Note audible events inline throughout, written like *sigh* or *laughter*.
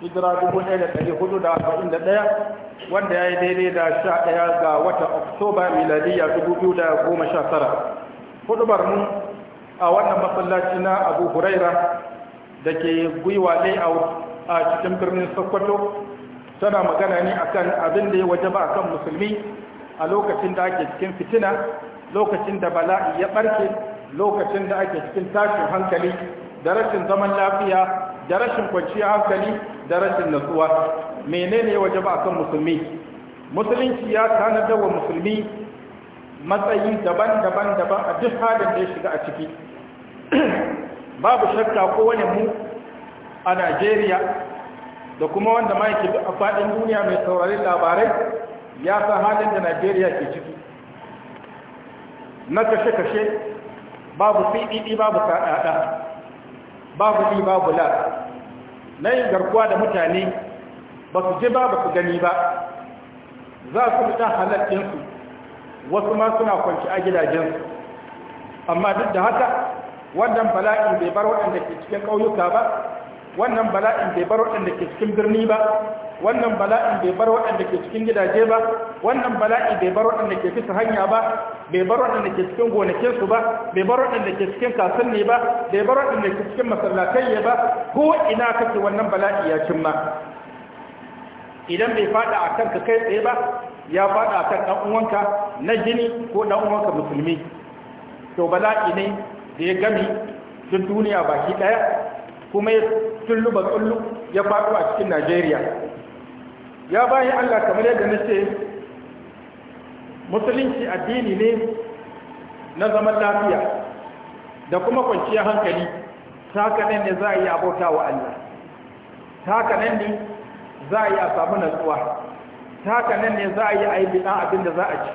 hijira dubu ɗaya da ɗari hudu da arba'in da ɗaya wanda ya yi daidai da sha ɗaya ga watan oktoba miladiyya dubu biyu da goma sha tara hudubar mu a wannan masallaci na abu huraira da ke gwiwa layout a cikin birnin sokoto tana magana ne akan abin da ya waje ba kan musulmi a lokacin da ake cikin fitina lokacin da bala'i ya barke lokacin da ake cikin tashin hankali da rashin zaman lafiya da rashin kwanciyar hankali da rashin nasuwa. menene waje ba kan musulmi musulunci ya tanadar wa musulmi matsayi daban-daban daban a duk halin da ya shiga a ciki *clears throat* babu shakka kowane mu a najeriya da kuma wanda ma yake a faɗin duniya mai saurarin labarai ya san halin da najeriya ke ciki na kashe-kashe babu siɗiɗi, e babu kaɗaɗa babu ni babu la na yin garkuwa da mutane ba su je ba ba su gani ba za su fi halattinsu wasu ma suna kwanci a gidajensu amma duk da haka wannan bala'in bai bar waɗanda ke cikin ƙauyuka ba wannan bala'in bai bar waɗanda ke cikin birni ba wannan bala'in bai bar waɗanda ke cikin gidaje ba wannan bala'i bai bar waɗanda ke fita hanya ba bai bar waɗanda ke cikin gonakinsu ba bai bar waɗanda ke cikin kasan ne ba bai bar waɗanda ke cikin masallatai ne ba ko ina kake wannan bala'i ya cimma idan bai fada a kanka kai tsaye ba ya fada a kan ɗan uwanka na jini ko ɗan uwanka musulmi to bala'i ne da ya gami duk duniya baki ɗaya kuma ya tullu ba tullu ya faɗo a cikin najeriya ya bayi Allah kamar yadda na ce musulunci addini ne na zaman lafiya da kuma kwanciyar hankali ta nan ne za a yi abota wa Allah ta nan ne za a yi a samu natsuwa ta nan ne za a yi a yi biɗan abin da za a ci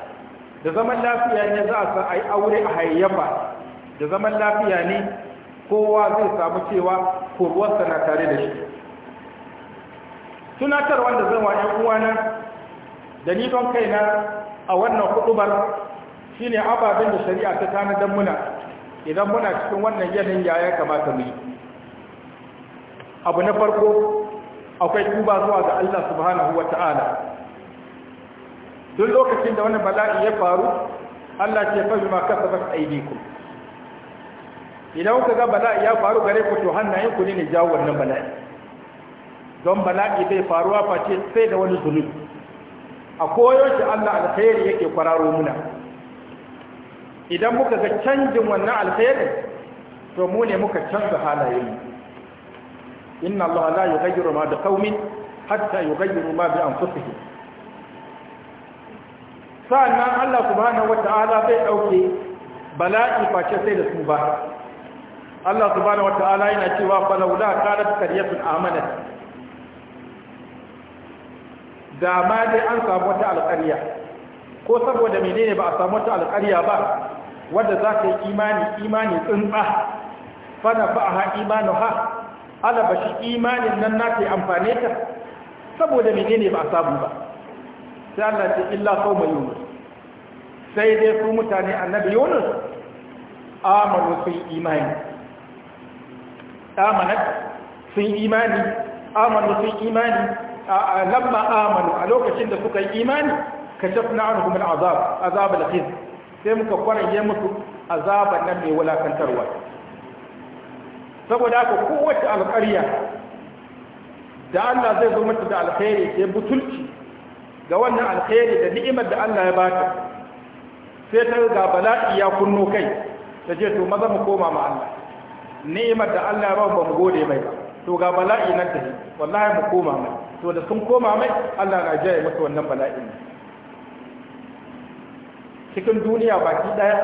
da zaman lafiya ne za a yi aure a hayayyafa da zaman lafiya ne kowa zai samu cewa kurwarsa na tare da shi tunatar wanda zan wa ‘yan uwana da ni don kaina a wannan hudubar shi ne ababen da shari'a ta tanadar muna idan muna cikin wannan yanayin yaya kamata mu yi abu na farko akwai tuba zuwa ga Allah subhanahu wa ta'ala duk lokacin da wani bala'i ya faru Allah ce fa bima kasabat aydikum idan kuka ga bala'i ya faru gare ku to hannayen ku ne ne jawo wannan bala'i don bala'i bai faruwa face sai da wani zunubi a koyaushe Allah alkhairi yake kwararo muna idan muka ga canjin wannan alkhairi to mu ne muka canza mu. inna Allah la yughayyiru ma biqaumin hatta yughayyiru ma bi anfusihim Sannan Allah subhanahu wata'ala bai dauke bala'i face sai da su ba Allah subhanahu wata'ala yana cewa falawla kanat qaryatun amanat ga ma dai an samu wata alƙarya ko saboda menene ba a samu wata alƙarya ba wadda za ka yi imani imani tsuntsa fana fa'aha imanu ha alaba shi imanin nan na ta yi amfane ta saboda menene ba a samu ba sai Allah ce illa sauma yunus sai dai su mutane annabi yunus amanu sun imani amanat sun imani amanu sun imani lamma amanu a lokacin da suka yi imani kashafna anhum al'azab azab al-khiz sai muka kwaranye musu azaban nan mai wulakantarwa saboda haka kowace alƙarya da Allah zai zo mata da alkhairi sai butulci ga wannan alkhairi da ni'imar da Allah ya bata sai ta ga bala'i ya kunno kai ta je to maza mu koma ma Allah ni'imar da Allah ya ba mu gode mai ba to ga bala'i nan da wallahi mu koma mai to da sun koma mai Allah na jaye maka wannan bala'in cikin duniya baki daya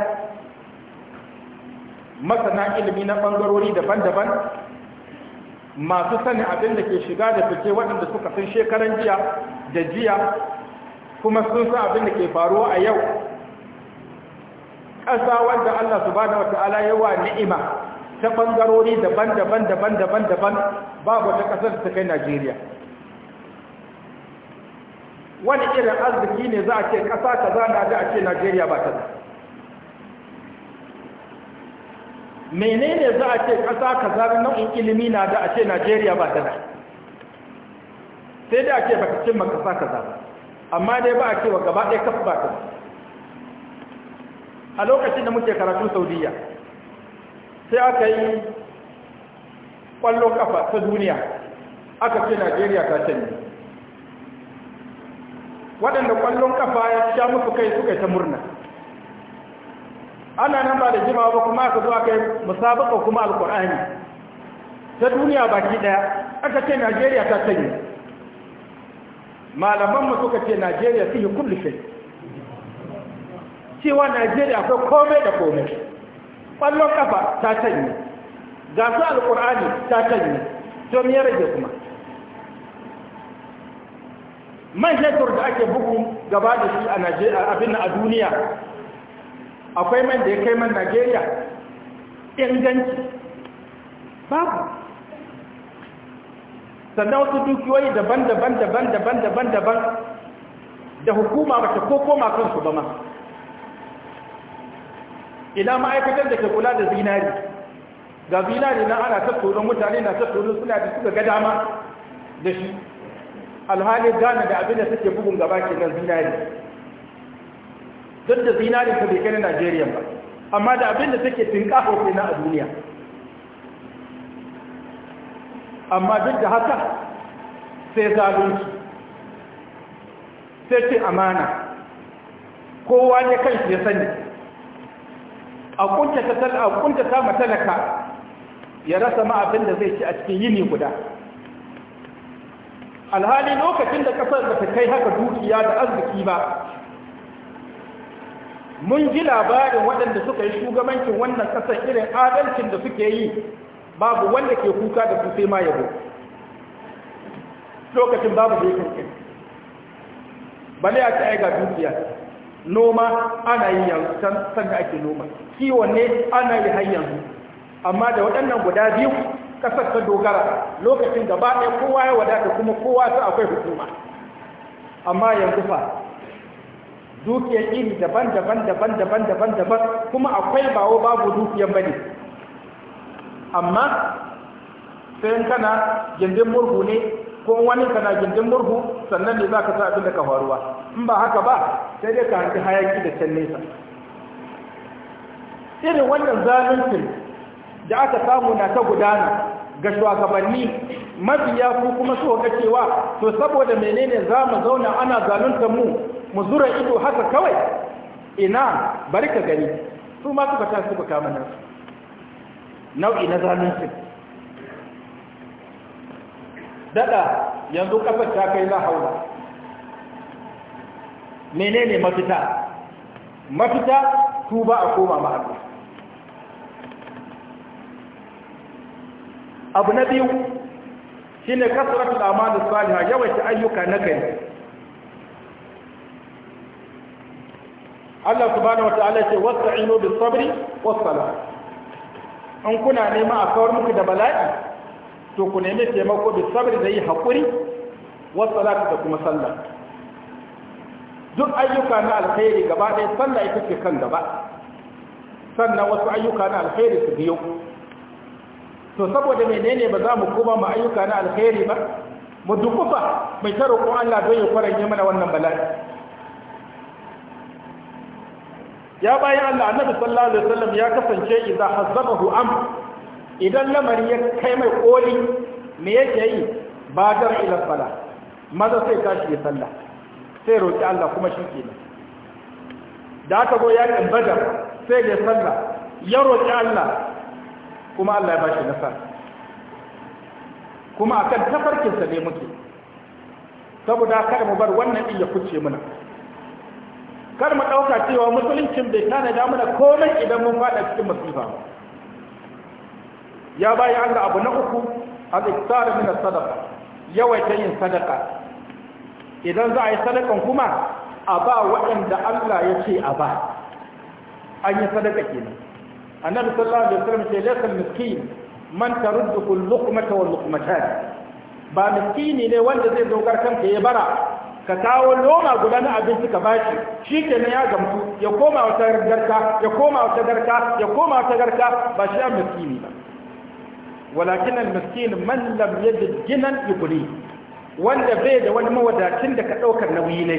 masana ilimi na bangarori daban-daban masu sani abin da ke shiga da fice waɗanda suka san shekaran jiya da jiya kuma sun sa abin da ke faruwa a yau ƙasa wanda Allah subhanahu ya yawa ni'ima ta bangarori daban-daban daban-daban daban babu wata kasar ta kai Najeriya wani irin arziki ne za a ce kasa ta na da a ce Najeriya ba ta da menene za a ce kasa ka zana nau'in ilimi na da a ce Najeriya ba ta da sai da a ce ba ta cimma kasa ka zana amma dai ba a ce wa gaba ɗaya kafa ba ta da a lokacin da muke karatu Saudiya sai aka yi ƙwallon ƙafa ta duniya aka ce najeriya ta canji waɗanda ƙwallon ƙafa ya sha musu kai suka yi ta murna ana nan ba da jimawa ba kuma aka zo kai musabaka kuma alƙur'ani ta duniya baki ɗaya aka ce najeriya ta canji malamanmu suka ce najeriya su yi kulle shai cewa najeriya akwai komai da komai ƙwallon ƙafa ta ga su alƙur'ani ta canyi to ya rage kuma man shekaru da ake bugu gaba da shi a abin a duniya akwai man da ya kai man najeriya inganci babu sannan wasu dukiyoyi daban-daban daban-daban daban-daban da hukuma ba ta ko koma kansu ba ma ina ma'aikatan da ke kula da zinari ga zinari na ana tattoron mutane na tattoron suna da suka ga dama da shi alhali gane da abin da suke bugun gaba ke nan zinari duk da zinari ta bai kai na najeriya ba amma da abin da suke tinkafa ke na a duniya amma duk da haka sai zalunci sai ce amana kowa ne kan shi ya sani a kunta ta matalaka ya rasa ma abin da zai ci a cikin yini guda alhali lokacin da kasar da ta kai haka dukiya da arziki ba mun ji labarin waɗanda suka yi shugabancin wannan ƙasar irin adalcin da suke yi babu wanda ke kuka da su sai ma yabo lokacin babu zai yakin bale a ta ga dukiya noma ana yi yanzu san da ake noma kiwon ne ana yi hanyar. amma da waɗannan guda biyu ƙasar ta dogara lokacin gaba ɗaya kowa ya wadata kuma kowa ta akwai hukuma amma yanzu fa dukiyar iri daban daban daban daban daban daban kuma akwai bawo babu dukiyar bane amma sai kana gindin murhu ne ko wani kana gindin murhu sannan ne za ka sa abin da ka faruwa in ba haka ba sai dai ka hanci hayaki da can nesa irin wannan zaluncin da aka samu na ta gudana ga shugabanni mabiya ku kuma so ga cewa to saboda menene za mu zauna ana zaluntar mu mu zura ido haka kawai ina bari ka gani su ma suka ta suka kama nan nau'i na zaluncin dada yanzu kasar ta kai la haula menene mafita mafita tuba a koma ma Allah abu na biyu shine kasratul a'mal salihah yawaita ayyuka na kai Allah subhanahu wataala ce wasta'inu bis sabri was salah An kuna nema a kawar muku da bala'i to ku nemi taimako da sabri da yi haƙuri wasu salatu da kuma sallah duk ayyuka na alkhairi gaba ɗaya sallah ita ce kan gaba sannan wasu ayyuka na alkhairi su biyo to saboda menene ba za mu koma mu ayyuka na alkhairi ba mu dukufa mai ta roƙon Allah don ya kwaranye mana wannan bala'i ya bayan Allah annabi sallallahu alaihi wasallam ya kasance idza hazzabahu amr idan lamari ya kai mai koli me yake yi ba da ila maza sai tashi ya sallah sai roki Allah kuma shi nan. da aka go yakin bada, sai ya sallah ya roki Allah kuma Allah ya bashi nasara kuma akan tafarkinsa ne muke saboda kada mu bar wannan din ya kuce mana kar mu ɗauka cewa musuluncin bai tana da mana komai idan mun faɗa cikin masifa ba ya bayi Allah abu na uku al-iktar min sadaqa yawaita yin sadaka idan za a yi sadakan kuma a ba waɗanda Allah ya ce a ba an yi sadaka kenan annabi sallallahu alaihi wasallam ce laysa miskin man taruddu kull luqmata wal luqmatan ba miskini ne wanda zai dogar kanka ya bara ka kawo loma guda na abinci ka bashi shi ke ya gamsu ya koma wata garka ya koma wata garka ya koma wata garka ba shi an miskini ba walakin al-miskin man lam yajid ginan wanda bai da wani mawadacin da ka daukar nauyi ne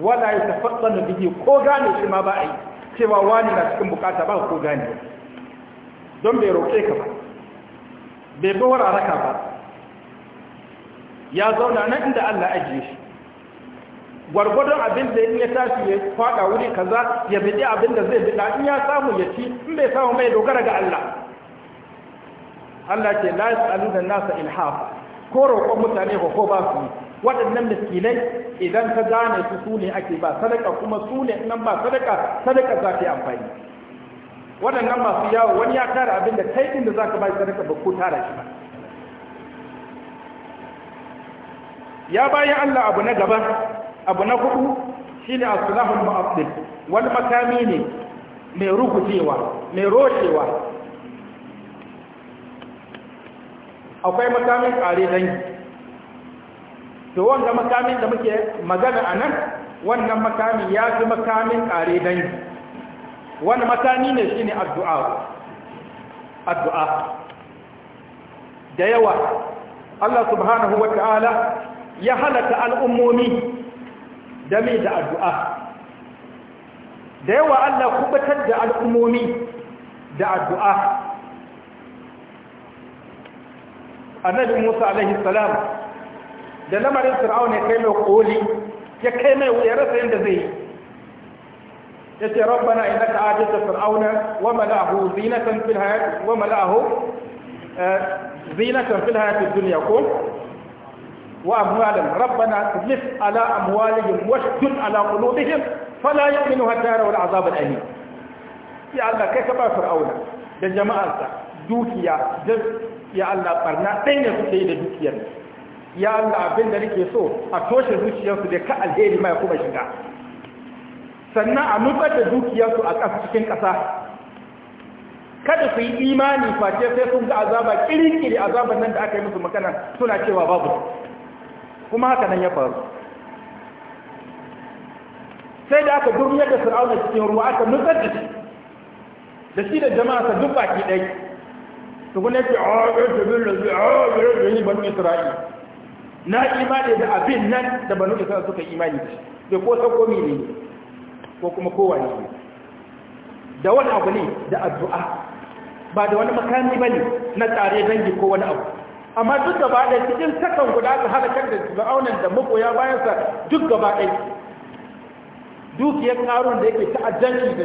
wala yatafaddanu bihi ko gane shi ma ba ai cewa wani na cikin bukata ba ko gane don bai roƙe ka ba bai bi wararaka ba ya zauna nan inda Allah ajiye shi gwargwadon abin da ya tashi ya faɗa wuri kaza ya bidi abin da zai da in ya samu ya ci in bai samu mai dogara ga Allah Allah ke la da nasa ilhaf ko roƙon mutane ba ko ba su waɗannan miskinai idan ka gane su su ne ake ba sadaka kuma su ne nan ba sadaka sadaka za ta yi amfani waɗannan masu yawo wani ya tara abin da kai da za ka ba sadaka ba ko tara shi ba ya bayan Allah abu na gaba abu na hudu shine aslahul mu'addil wani makami ne mai rukujewa mai rocewa akwai makamin ƙare dangi to wanda makamin da muke magana a nan wannan makamin ya fi makamin ƙare dangi wani makami ne shi ne addu'a addu'a da yawa Allah subhanahu wa ta'ala ya halaka al'ummomi da mai da addu'a da yawa Allah kubatar da al'ummomi da addu'a annabi musa alaihi salam da lamarin fir'auna kai mai koli ya kai mai ya rasa yadda zai ya ce rabbana innaka atita fir'auna wa mala'ahu zinatan fil hayat wa mala'ahu zinatan fil hayat ad dunya ko wa amwalan rabbana tuflis ala amwalihim washdud ala qulubihim fala yu'minu hatta yarawu azab al-alim ya Allah kai ka ba fir'auna da jama'arsa dukiya da ya Allah barna ɗaya ne suke yi da dukiyar ya Allah abin da nake so a toshe zuciyarsu da ka alheri mai kuma shiga sannan a nutsar da dukiyarsu a ƙasa cikin ƙasa kada su yi imani face sai sun ga azaba kirkiri azaban nan da aka yi musu magana suna cewa babu kuma haka nan ya faru sai da aka durmiyar da fir'auna cikin ruwa aka nutsar da shi da shi da jama'a sa duk baki ɗaya tukuna ah, ce a ƙarfe bin rasu a ah, ƙarfe bin banu isra'i na imani da abin nan da banu isra'i suka imani da shi ko sako ne ko kuma kowa ne da wani abu ne da addu'a ba da wani makami ba ne na tsare dangi ko wani abu amma duk gaba ɗaya cikin sakan guda aka halakar da fir'aunan da magoya bayansa duk gaba ɗaya dukiyar ƙarun da yake ta'addanci da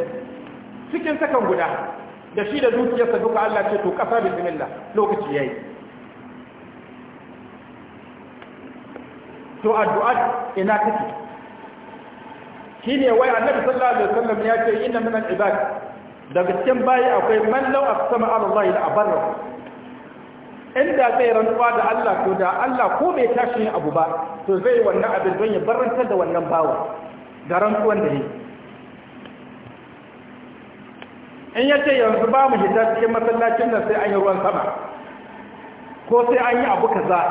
cikin sakan guda da shi da dukiyarsa duka Allah ce to kasa bismillah lokaci yayi to addu'a ina kake shine wai annabi sallallahu alaihi wasallam ya ce inna min al-ibad daga cikin bayi akwai man law aqsama ala Allah la abarra inda zai rantsuwa da Allah to da Allah ko bai tashi abu ba to zai wannan abin don ya barantar da wannan bawa da rantsuwan da yake in ya ce yanzu ba mu hita cikin masallacin nan sai an yi ruwan sama ko sai an yi abu kaza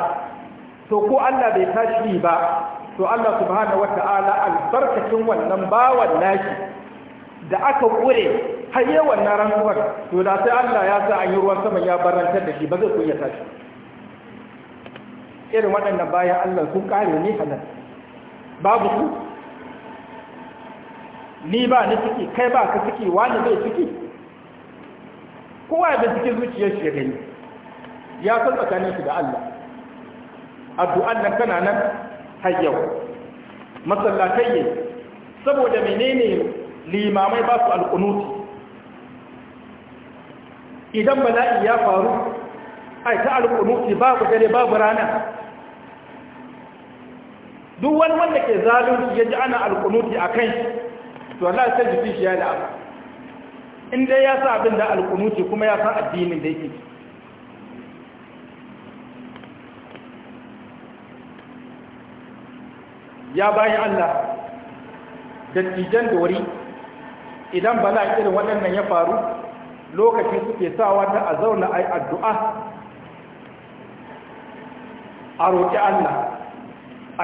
to ko Allah bai tashi ba to Allah subhanahu wata'ala albarkacin wannan bawan nashi da aka kure har wannan rantsuwar to da sai Allah ya sa an yi ruwan sama ya barantar da shi ba zai kunya tashi irin waɗannan bayan Allah sun kare ne halal babu ku? ni ba ni ciki kai ba ka ciki wani zai ciki kowa da cikin zuciyar shi gani ya san tsakanin shi da Allah addu'an nan tana nan har masallatai ne saboda menene limamai ba su alƙunuti idan bala'i ya faru ai ta ba babu dare babu rana duk wani wanda ke zalunci ya ji ana alƙunuti a kan shi to Allah sai jikin shi ya da abu in dai ya sa abin da alkunuti kuma ya sa addinin da yake ya bayi Allah dattijan wuri idan bala irin waɗannan ya faru lokaci suke sawa ta a zauna a addu'a a roƙi Allah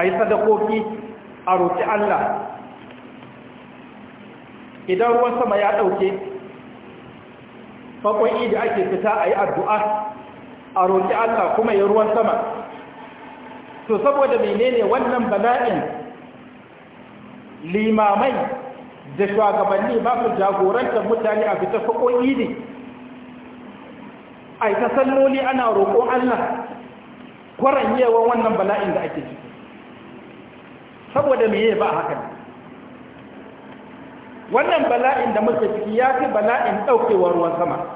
a yi sadakoki a roƙi Allah idan ruwan sama ya ɗauke makwai da ake fita a yi addu'a a roƙi Allah kuma yi ruwan sama to saboda menene wannan bala'in limamai da shugabanni ba su jagorantar mutane a fita faƙoƙi ne a ta salloli ana roƙo Allah kwaran yawan wannan bala'in da ake ciki saboda meye ba haka wannan bala'in da muka ciki ya fi bala'in ɗaukewar ruwan sama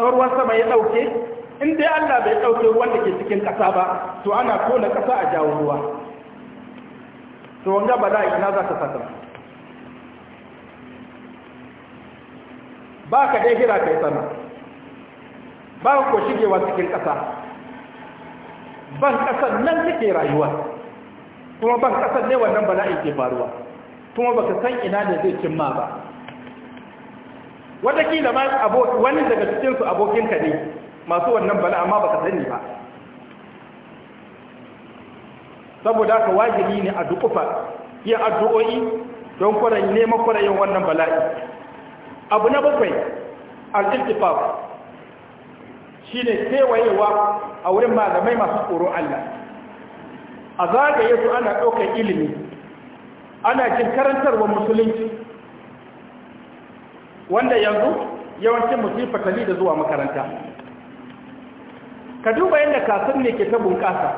ruwan sama ya ɗauke in dai allah bai ɗauke wanda ke cikin ƙasa ba to ana kona ƙasa a jawo ruwa to wanga ba za a ina za ta fata ba ka dai hira kai sana ba ko shigewa cikin ƙasa ban ƙasar nan take rayuwa kuma ban ƙasar ne wannan bala'i ke faruwa kuma baka san ina ne zai cimma ba watakila ma aboki wani daga cikin su abokinka ne masu wannan bala amma baka sani ba saboda ka wajibi ne a dukufa yin addu'o'i don kwarai neman kwarayin wannan bala'i abu na bakwai al-iltifaf shine kewayewa a wurin malamai masu tsoron Allah a zagaye su ana ɗaukar ilimi ana jin karantarwa musulunci wanda yanzu yawancin mutum fatali da zuwa makaranta ka duba yadda kasan ne ke ta bunƙasa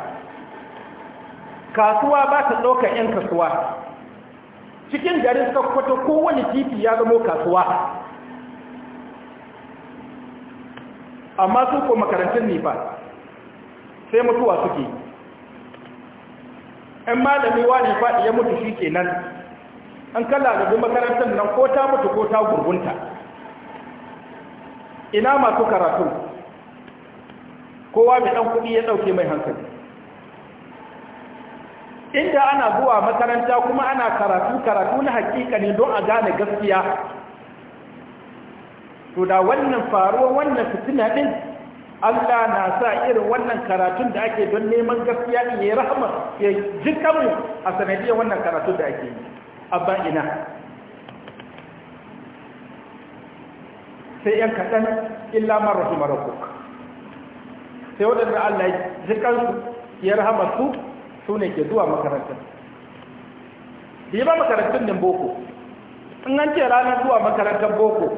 kasuwa ba ta ɗaukar 'yan kasuwa cikin garin sakkwato kowane titi ya zamo kasuwa amma su ko makarantun nifa sai mutuwa suke ‘yan malami ne faɗi ya mutu shi ke nan. an kalla da makarantar nan ko ta mutu ko ta gurgunta ina masu karatu kowa mai ɗan kuɗi ya ɗauke mai hankali inda ana zuwa makaranta kuma ana karatu karatu na hakika ne don a gane gaskiya to da wannan faruwa wannan fitina din Allah na sa irin wannan karatun da ake don neman gaskiya ne rahama ya jikanmu a sanadiyar wannan karatun da ake yi aba'ina sai ‘yan kaɗan illa marar su marar sai waɗanda Allah ya kansu ya rahama su su ne ke zuwa makarantar yi ba makarantar nan boko in an ce ranar zuwa makarantar boko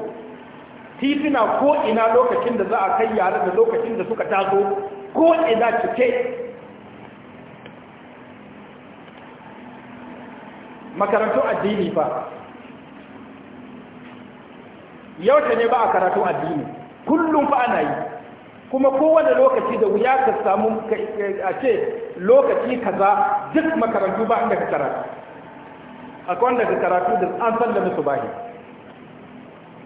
titina ko ina lokacin da za a kai yare da lokacin da suka taso ko ina cike makarantun addini fa yau ta ne ba a karatu addini kullum fa ana yi kuma kowane lokaci da wuya ka samu a ce lokaci kaza duk makarantu ba inda ka karatu akwai wanda ka karatu da an san da musu bahi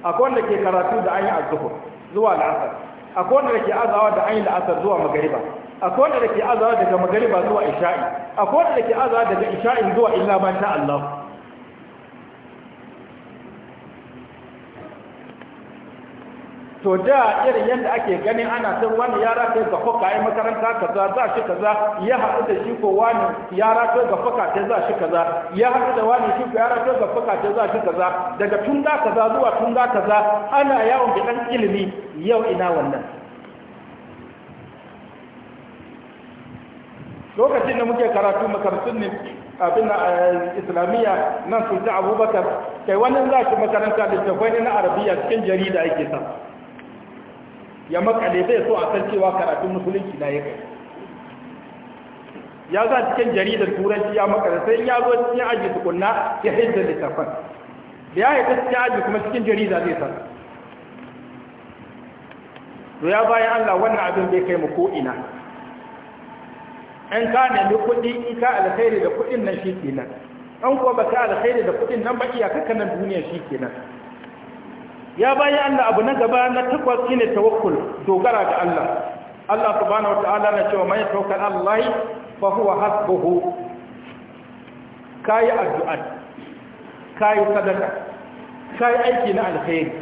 akwai wanda ke karatu da an yi azzuhur zuwa la'asar akwai wanda ke azawa da an yi la'asar zuwa magariba akwai wanda ke azawa daga magariba zuwa isha'i akwai wanda ke azawa daga isha'i zuwa illa ba ta Allah to da irin yadda ake ganin ana san wani ya rafe ga foka ai makaranta kaza za shi kaza ya haɗu da shi ko wani ya rafe ga foka ta za shi kaza ya haɗu da wani shi ko ya rafe ga foka ta za shi kaza daga tunga kaza zuwa tunga kaza ana yawon bidan ilimi yau ina wannan lokacin da muke karatu makarantun ne abin na eh, islamiyya nan su ta abubakar kai wannan za ki makaranta da littattafai ne na arabiya cikin jarida ake sa ya makale zai so a san cewa karatun musulunci na ya kai ya za cikin jaridar turanci ya makale sai ya zo cikin aji tukunna ya hidda littattafan da ya haifar cikin aji kuma cikin jarida zai san to ya bayan allah wannan abin bai kai mu ko ina in ka nemi kuɗi in ka alkhairi da kuɗin nan shi kenan an kuwa ba baka alkhairi da kuɗin nan ba iyakaka nan duniya shi kenan ya bayi Allah abu na gaba na takwas shine tawakkul dogara ga Allah Allah subhanahu wataala na cewa mai tawakkal Allah fa huwa hasbuhu kai addu'a kai sadaka kai aiki na alkhairi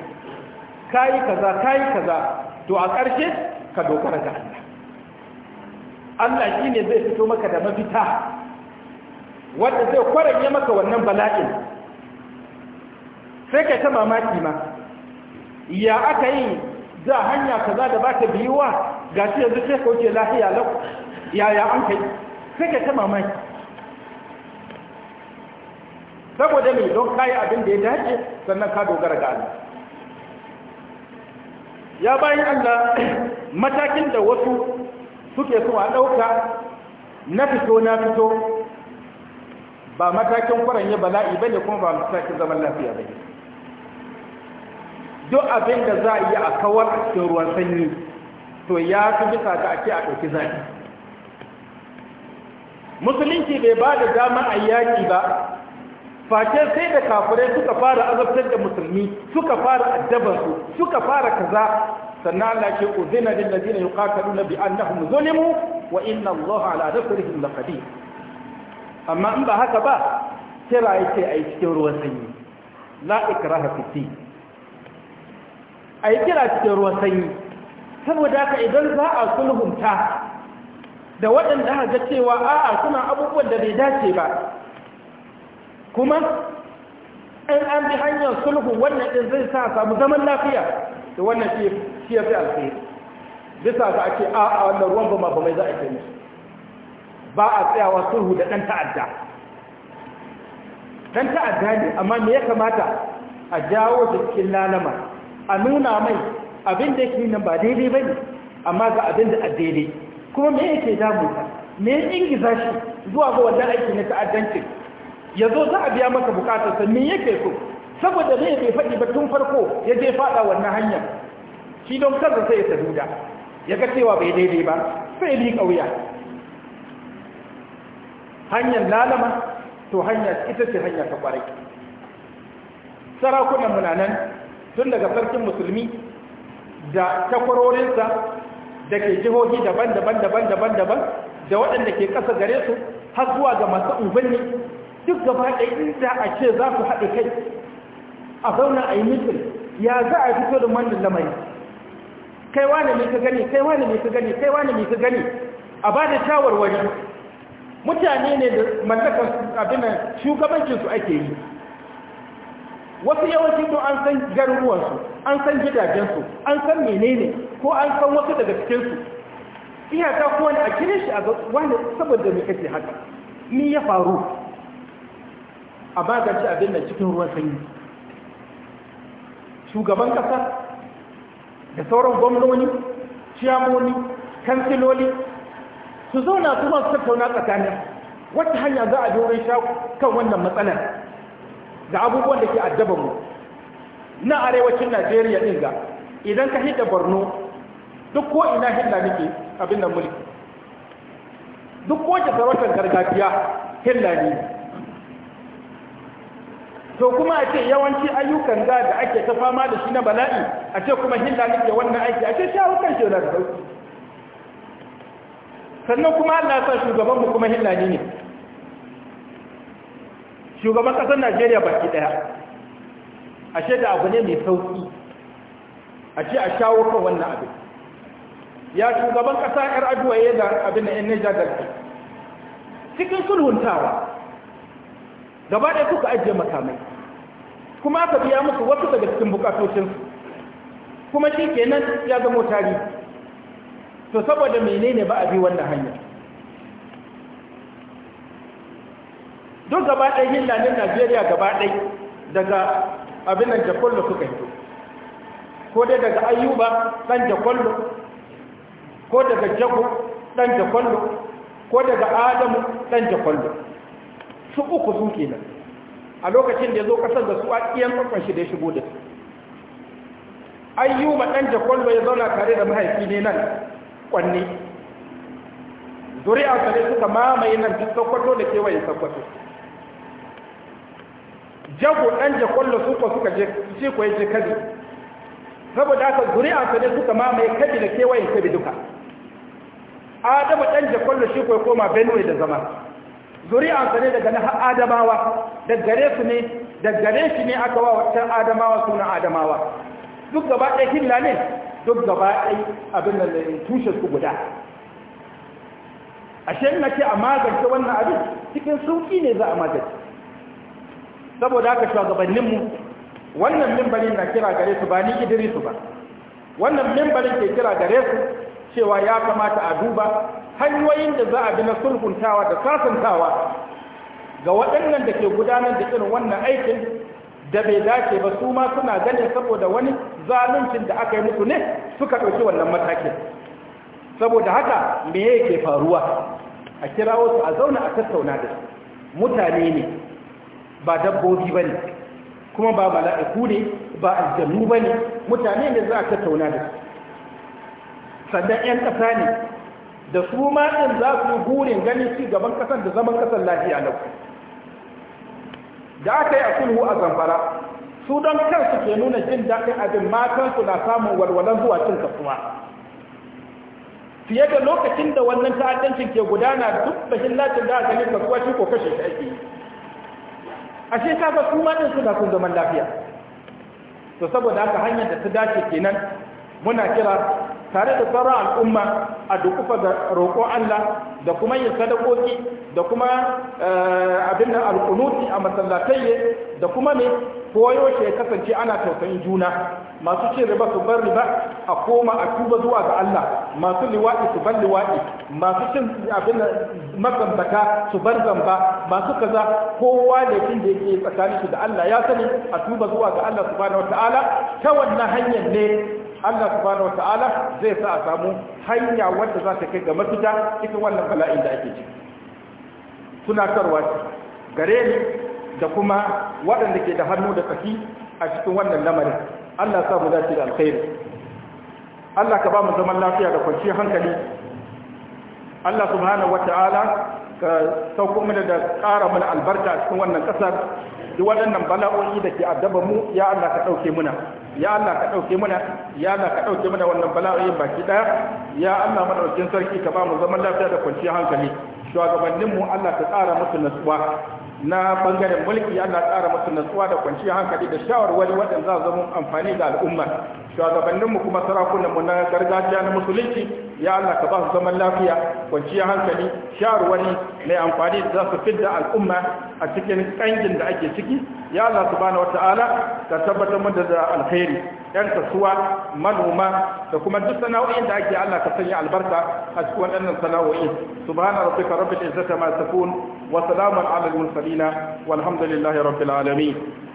kai kaza kai kaza to a ƙarshe ka dogara ga Allah Allah shi ne zai fito maka da mafita wanda zai kwaranye maka wannan bala'in sai ka ta mamaki ma ya aka yi za hanya kaza da ba ta biyuwa ga shi yanzu sai kauce lahiya lau yaya an kai sai ka ta mamaki saboda mai don kayi abin da ya dace sannan ka dogara ga Allah ya bayan Allah matakin da wasu suke so a ɗauka na fito na fito ba matakin kwaranye bala'i ba ne kuma ba matakin zaman lafiya ba duk abin da za a yi a kawar a cikin ruwan sanyi to ya fi bisa ga ake a ɗauki zaki. musulunci bai ba da dama a yaki ba fashe sai da kafirai suka fara azabtar da musulmi suka fara addabarsu suka fara kaza sannan Allah ke uzina lil ladina yuqataluna bi annahum zulimu wa inna Allah ala nasrihim laqadir amma in ba haka ba kira yake ai cikin ruwan sanyi la ikraha fi din ai kira cikin ruwan sanyi saboda haka idan za a sulhunta da waɗanda haka cewa a'a suna abubuwan da bai dace ba kuma in an bi hanyar sulhu wannan din zai sa samu zaman lafiya to wannan shi ya fi alkhairi bisa ga ake a a wannan ruwan bama ba mai za a kai musu ba a tsayawa sulhu da ɗan ta'adda dan ta'adda ne amma me ya kamata a jawo da lalama a nuna mai abin da yake nan ba daidai ba ne amma ga abin da a daidai kuma me yake damu me ya ingiza shi zuwa ga wannan aiki na ta'addancin ya zo za a biya maka bukatarsa me yake so saboda zai bai faɗi ba tun farko ya je faɗa wannan hanyar shi don kansa sai ya saduda ya ga cewa bai daidai ba sai bi ƙauya hanyar lalama to hanyar ita ce hanyar ta ƙwarai sarakunan munanan tun daga sarkin musulmi da takwarorinsa da ke jihohi daban-daban daban-daban daban da waɗanda ke ƙasa gare su har zuwa ga masu ubanni duk gaba ɗaya inda a ce za ku haɗe kai a zauna a yi mitin ya za a fito da wannan lamari kai wane mai ka gani kai wane mai ka gani kai wane mai ka gani a ba da shawarwari mutane ne da mallakar abin shugabancinsu ake yi wasu yawancin to an san garuruwansu an san gidajensu an san menene ko an san wasu daga cikinsu iyaka ko wani a kire shi a wani saboda mai kake haka ni ya faru a magance abin da cikin ruwan sanyi shugaban kasa da sauran gwamnoni ciyamoni kansiloli su zauna su tattauna tsakanin wata hanya za a doron sha kan wannan matsalar da abubuwan da ke addabar mu na arewacin najeriya ɗin ga idan ka hidda borno duk ko ina hilla nake abin nan mulki duk ko ta sarautar gargajiya hilla ne to kuma a ce yawanci ayyukan da da ake ta fama da shi na bala'i a ce kuma hilla nake wannan aiki a ce shawo hukan ce da sauki sannan kuma Allah sa shugabanmu kuma hilla ne shugaban ƙasar Najeriya baki ɗaya ce da abu ne mai sauki ce a shawo kan wannan abin ya shugaban ƙasa yar aduwa ya da abin da 'yan Nijar da cikin sulhuntawa gaba ɗaya kuka ajiye makamai kuma aka biya musu wasu daga cikin bukatocinsu kuma shi kenan ya zama tarihi to saboda menene ba a bi wannan hanyar duk gaba ɗaya ne najeriya gaba ɗaya daga abin nan kullu suka hito ko dai daga ayyuba ɗan kullu ko daga jago ɗan kullu ko daga adamu ɗan kullu su uku su kenan a lokacin da ya zo kasar da su a ƙiyan ƙwaƙon shi da ya shigo da su ayyuba ɗan jakwallo ya zauna tare da mahaifi ne nan ƙwanne Zuri'a ne suka mamaye nan duk sakwato da kewaye sakwato jago ɗan jakwallo suka suka je shi ko ya je kabi saboda haka zuri'a ne suka mamaye kabi da kewaye kabi duka adamu ɗan jakwallo shi ko ya koma benue da zama zuri'a gare daga na adamawa da gare su ne da gare shi ne aka wa wancan adamawa suna adamawa duk gaba ɗaya hilla ne duk gaba ɗaya abin da tushe su guda ashe ina ce a magance wannan abin cikin sauƙi ne za a magance saboda haka gabaninmu, wannan mimbarin na kira gare su ba ni su ba wannan mimbarin ke kira gare su cewa ya kamata a duba hanyoyin da za a bi na sulhuntawa da sasantawa ga waɗannan da ke gudanar da irin wannan aikin da bai dace ba su ma suna ganin saboda wani zaluncin da aka yi musu ne suka ɗauki wannan matakin saboda haka me yake faruwa a kirawo su a zauna a tattauna da su mutane ne ba dabbobi ba ne kuma ba mala'iku ne ba aljannu ba ne mutane ne za a tattauna da su sannan 'yan ƙasa ne da su ma ɗin za su yi burin ganin ci gaban ƙasar da zaman ƙasar lafiya ku da aka yi a sulhu a zamfara su don kansu ke nuna jin daɗin abin matansu na samun walwalan zuwa cin kasuwa fiye da lokacin da wannan ta'addancin ke gudana duk bakin latin da aka kasuwa shi ko kashe shi ake yi ashe ta ga su suna sun zaman lafiya to saboda haka hanyar da ta dace kenan muna kira tare da sauran al'umma a dukufa da roƙo Allah da kuma yin sadakoki da kuma eh, abin da al'unuti a masallatai da kuma ne koyo shi kasance ana tausayin juna masu ce riba su bar riba a koma a tuba zuwa ga Allah masu liwaɗi su bar liwaɗi masu cin abin mazambata su bar zamba masu kaza kowa laifin da yake tsakanin shi da Allah ya sani a tuba zuwa ga Allah subhanahu wataala ta wannan hanyar ne Allah subhanahu wataala zai sa a samu hanya wadda za ta kai ga mafita cikin wannan bala'in da ake ci tunatarwa gare ni da kuma waɗanda ke da hannu da kafi a cikin wannan lamarin Allah sa mu dace da alkhairi Allah ka ba mu zaman lafiya da kwanciyar hankali Allah subhanahu wataala ka sauko mana da ƙara mana albarka a cikin wannan ƙasar duk waɗannan bala'o'i da ke addabar mu ya Allah ka ɗauke muna ya Allah ka dauke mana ya Allah ka dauke mana wannan bala'o'in baki daya ya Allah madaukin sarki ka ba mu zaman lafiya da kwanciyar hankali shugabannin mu Allah ka tsara musu nasuwa na bangaren mulki Allah tsara musu nasuwa da kwanciyar hankali da shawarwari waɗanda za zama amfani ga al'umma shugabannin mu kuma sarakunan mu na gargajiya na musulunci ya Allah ka ba su zaman lafiya kwanciyar hankali shawarwari mai amfani da za su fidda al'umma a cikin ƙangin da ake ciki ya Allah subhanahu wata'ala ka tabbatar mu da alkhairi yan kasuwa manoma da kuma duk sana'o'in da ake Allah ka sanya albarka a cikin waɗannan sana'o'i subhana rabbika rabbil izzati ma yasifun wa salamun alal mursalin walhamdulillahi rabbil alamin